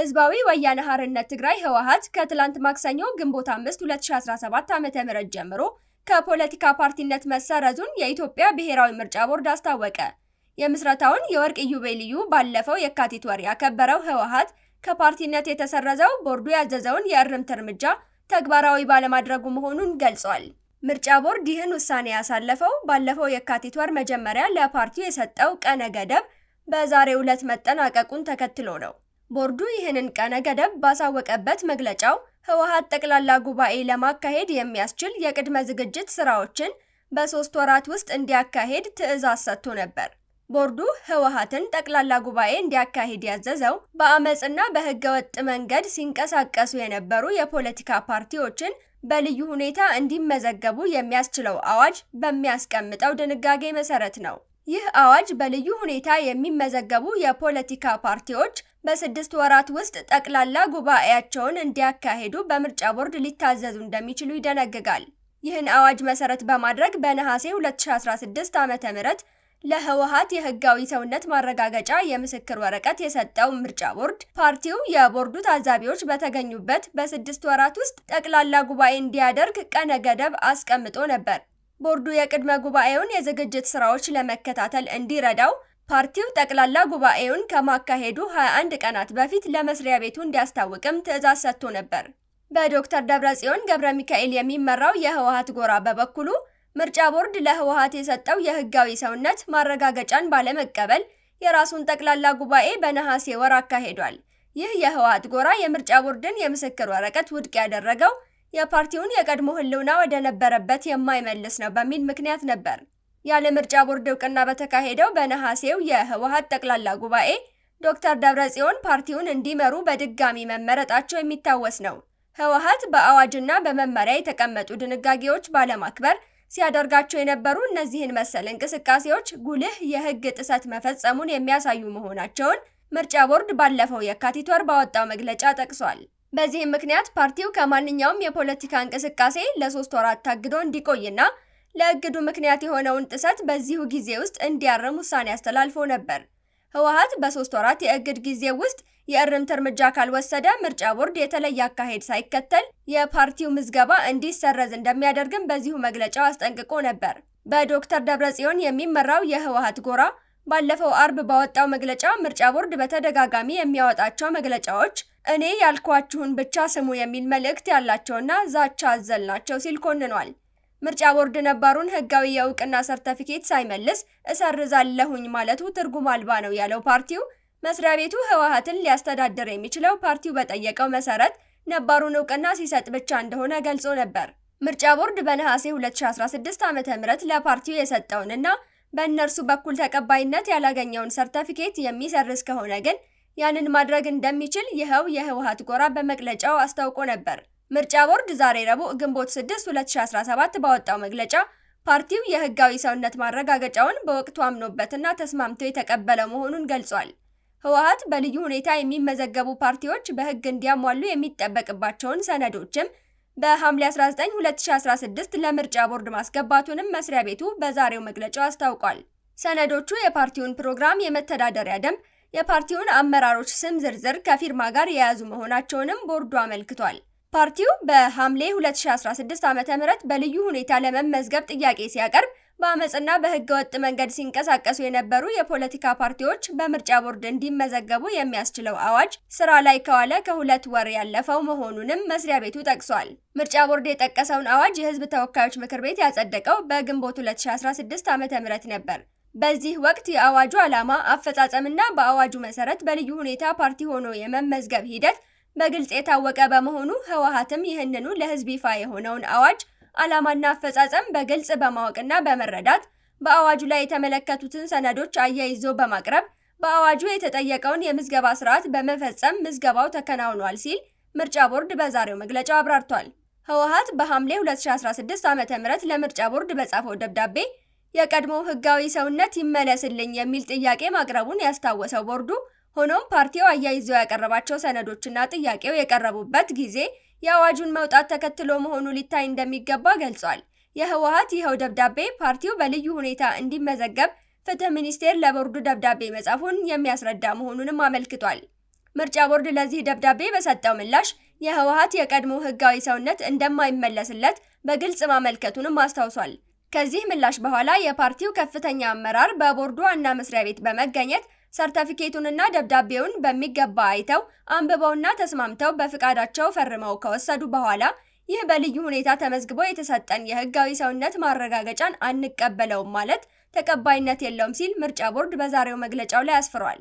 ህዝባዊ ወያነ ሓርነት ትግራይ ህወሓት ከትላንት ማክሰኞ ግንቦት 5 2017 ዓ.ም ጀምሮ ከፖለቲካ ፓርቲነት መሰረዙን የኢትዮጵያ ብሔራዊ ምርጫ ቦርድ አስታወቀ። የምስረታውን የወርቅ ኢዮቤልዩ ባለፈው የካቲት ወር ያከበረው ህወሓት ከፓርቲነት የተሰረዘው ቦርዱ ያዘዘውን የእርምት እርምጃ ተግባራዊ ባለማድረጉ መሆኑን ገልጿል። ምርጫ ቦርድ ይህን ውሳኔ ያሳለፈው ባለፈው የካቲት ወር መጀመሪያ ለፓርቲው የሰጠው ቀነ ገደብ በዛሬ ዕለት መጠናቀቁን ተከትሎ ነው። ቦርዱ ይህንን ቀነ ገደብ ባሳወቀበት መግለጫው ህወሓት ጠቅላላ ጉባኤ ለማካሄድ የሚያስችል የቅድመ ዝግጅት ስራዎችን በሶስት ወራት ውስጥ እንዲያካሄድ ትዕዛዝ ሰጥቶ ነበር። ቦርዱ ህወሓትን ጠቅላላ ጉባኤ እንዲያካሂድ ያዘዘው በአመፅና በህገወጥ መንገድ ሲንቀሳቀሱ የነበሩ የፖለቲካ ፓርቲዎችን በልዩ ሁኔታ እንዲመዘገቡ የሚያስችለው አዋጅ በሚያስቀምጠው ድንጋጌ መሰረት ነው። ይህ አዋጅ በልዩ ሁኔታ የሚመዘገቡ የፖለቲካ ፓርቲዎች በስድስት ወራት ውስጥ ጠቅላላ ጉባኤያቸውን እንዲያካሄዱ በምርጫ ቦርድ ሊታዘዙ እንደሚችሉ ይደነግጋል። ይህን አዋጅ መሰረት በማድረግ በነሐሴ 2016 ዓ.ም ለህወሀት የህጋዊ ሰውነት ማረጋገጫ የምስክር ወረቀት የሰጠው ምርጫ ቦርድ ፓርቲው የቦርዱ ታዛቢዎች በተገኙበት በስድስት ወራት ውስጥ ጠቅላላ ጉባኤ እንዲያደርግ ቀነ ገደብ አስቀምጦ ነበር። ቦርዱ የቅድመ ጉባኤውን የዝግጅት ስራዎች ለመከታተል እንዲረዳው ፓርቲው ጠቅላላ ጉባኤውን ከማካሄዱ 21 ቀናት በፊት ለመስሪያ ቤቱ እንዲያስታውቅም ትዕዛዝ ሰጥቶ ነበር። በዶክተር ደብረጽዮን ገብረ ሚካኤል የሚመራው የህወሀት ጎራ በበኩሉ ምርጫ ቦርድ ለህወሀት የሰጠው የህጋዊ ሰውነት ማረጋገጫን ባለመቀበል የራሱን ጠቅላላ ጉባኤ በነሐሴ ወር አካሄዷል። ይህ የህወሀት ጎራ የምርጫ ቦርድን የምስክር ወረቀት ውድቅ ያደረገው የፓርቲውን የቀድሞ ህልውና ወደ ነበረበት የማይመልስ ነው በሚል ምክንያት ነበር። ያለ ምርጫ ቦርድ እውቅና በተካሄደው በነሐሴው የህወሀት ጠቅላላ ጉባኤ ዶክተር ደብረጽዮን ፓርቲውን እንዲመሩ በድጋሚ መመረጣቸው የሚታወስ ነው። ህወሀት በአዋጅና በመመሪያ የተቀመጡ ድንጋጌዎች ባለማክበር ሲያደርጋቸው የነበሩ እነዚህን መሰል እንቅስቃሴዎች ጉልህ የህግ ጥሰት መፈጸሙን የሚያሳዩ መሆናቸውን ምርጫ ቦርድ ባለፈው የካቲት ወር ባወጣው መግለጫ ጠቅሷል። በዚህም ምክንያት ፓርቲው ከማንኛውም የፖለቲካ እንቅስቃሴ ለሶስት ወራት ታግዶ እንዲቆይና ለእግዱ ምክንያት የሆነውን ጥሰት በዚሁ ጊዜ ውስጥ እንዲያርም ውሳኔ አስተላልፎ ነበር። ህወሓት በሶስት ወራት የእግድ ጊዜ ውስጥ የእርምት እርምጃ ካልወሰደ ምርጫ ቦርድ የተለየ አካሄድ ሳይከተል የፓርቲው ምዝገባ እንዲሰረዝ እንደሚያደርግም በዚሁ መግለጫው አስጠንቅቆ ነበር። በዶክተር ደብረጽዮን የሚመራው የህወሓት ጎራ ባለፈው አርብ ባወጣው መግለጫ ምርጫ ቦርድ በተደጋጋሚ የሚያወጣቸው መግለጫዎች እኔ ያልኳችሁን ብቻ ስሙ የሚል መልእክት ያላቸውና ዛቻ አዘል ናቸው ሲል ኮንኗል። ምርጫ ቦርድ ነባሩን ህጋዊ የእውቅና ሰርተፊኬት ሳይመልስ እሰርዛለሁኝ ማለቱ ትርጉም አልባ ነው ያለው ፓርቲው፣ መስሪያ ቤቱ ህወሀትን ሊያስተዳድር የሚችለው ፓርቲው በጠየቀው መሰረት ነባሩን እውቅና ሲሰጥ ብቻ እንደሆነ ገልጾ ነበር። ምርጫ ቦርድ በነሐሴ 2016 ዓ.ም ለፓርቲው የሰጠውንና በእነርሱ በኩል ተቀባይነት ያላገኘውን ሰርተፊኬት የሚሰርዝ ከሆነ ግን ያንን ማድረግ እንደሚችል ይኸው የህወሓት ጎራ በመግለጫው አስታውቆ ነበር። ምርጫ ቦርድ ዛሬ ረቡዕ ግንቦት 6 2017 ባወጣው መግለጫ ፓርቲው የህጋዊ ሰውነት ማረጋገጫውን በወቅቱ አምኖበትና ተስማምቶ የተቀበለ መሆኑን ገልጿል። ህወሓት በልዩ ሁኔታ የሚመዘገቡ ፓርቲዎች በህግ እንዲያሟሉ የሚጠበቅባቸውን ሰነዶችም በሐምሌ 19 2016 ለምርጫ ቦርድ ማስገባቱንም መስሪያ ቤቱ በዛሬው መግለጫው አስታውቋል። ሰነዶቹ የፓርቲውን ፕሮግራም፣ የመተዳደሪያ ደንብ የፓርቲውን አመራሮች ስም ዝርዝር ከፊርማ ጋር የያዙ መሆናቸውንም ቦርዱ አመልክቷል። ፓርቲው በሐምሌ 2016 ዓ ም በልዩ ሁኔታ ለመመዝገብ ጥያቄ ሲያቀርብ በአመፅና በህገወጥ መንገድ ሲንቀሳቀሱ የነበሩ የፖለቲካ ፓርቲዎች በምርጫ ቦርድ እንዲመዘገቡ የሚያስችለው አዋጅ ስራ ላይ ከዋለ ከሁለት ወር ያለፈው መሆኑንም መስሪያ ቤቱ ጠቅሷል። ምርጫ ቦርድ የጠቀሰውን አዋጅ የህዝብ ተወካዮች ምክር ቤት ያጸደቀው በግንቦት 2016 ዓ.ም ነበር። በዚህ ወቅት የአዋጁ ዓላማ አፈጻጸምና በአዋጁ መሰረት በልዩ ሁኔታ ፓርቲ ሆኖ የመመዝገብ ሂደት በግልጽ የታወቀ በመሆኑ ህወሓትም ይህንኑ ለህዝብ ይፋ የሆነውን አዋጅ ዓላማና አፈጻጸም በግልጽ በማወቅና በመረዳት በአዋጁ ላይ የተመለከቱትን ሰነዶች አያይዞ በማቅረብ በአዋጁ የተጠየቀውን የምዝገባ ስርዓት በመፈጸም ምዝገባው ተከናውኗል ሲል ምርጫ ቦርድ በዛሬው መግለጫው አብራርቷል። ህወሓት በሐምሌ 2016 ዓ.ም ለምርጫ ቦርድ በጻፈው ደብዳቤ የቀድሞው ህጋዊ ሰውነት ይመለስልኝ የሚል ጥያቄ ማቅረቡን ያስታወሰው ቦርዱ፣ ሆኖም ፓርቲው አያይዘው ያቀረባቸው ሰነዶችና ጥያቄው የቀረቡበት ጊዜ የአዋጁን መውጣት ተከትሎ መሆኑ ሊታይ እንደሚገባ ገልጿል። የህወሀት ይኸው ደብዳቤ ፓርቲው በልዩ ሁኔታ እንዲመዘገብ ፍትህ ሚኒስቴር ለቦርዱ ደብዳቤ መጻፉን የሚያስረዳ መሆኑንም አመልክቷል። ምርጫ ቦርድ ለዚህ ደብዳቤ በሰጠው ምላሽ የህወሀት የቀድሞ ህጋዊ ሰውነት እንደማይመለስለት በግልጽ ማመልከቱንም አስታውሷል። ከዚህ ምላሽ በኋላ የፓርቲው ከፍተኛ አመራር በቦርዱ ዋና መስሪያ ቤት በመገኘት ሰርተፊኬቱንና ደብዳቤውን በሚገባ አይተው አንብበውና ተስማምተው በፍቃዳቸው ፈርመው ከወሰዱ በኋላ ይህ በልዩ ሁኔታ ተመዝግቦ የተሰጠን የህጋዊ ሰውነት ማረጋገጫን አንቀበለውም ማለት ተቀባይነት የለውም ሲል ምርጫ ቦርድ በዛሬው መግለጫው ላይ አስፍሯል።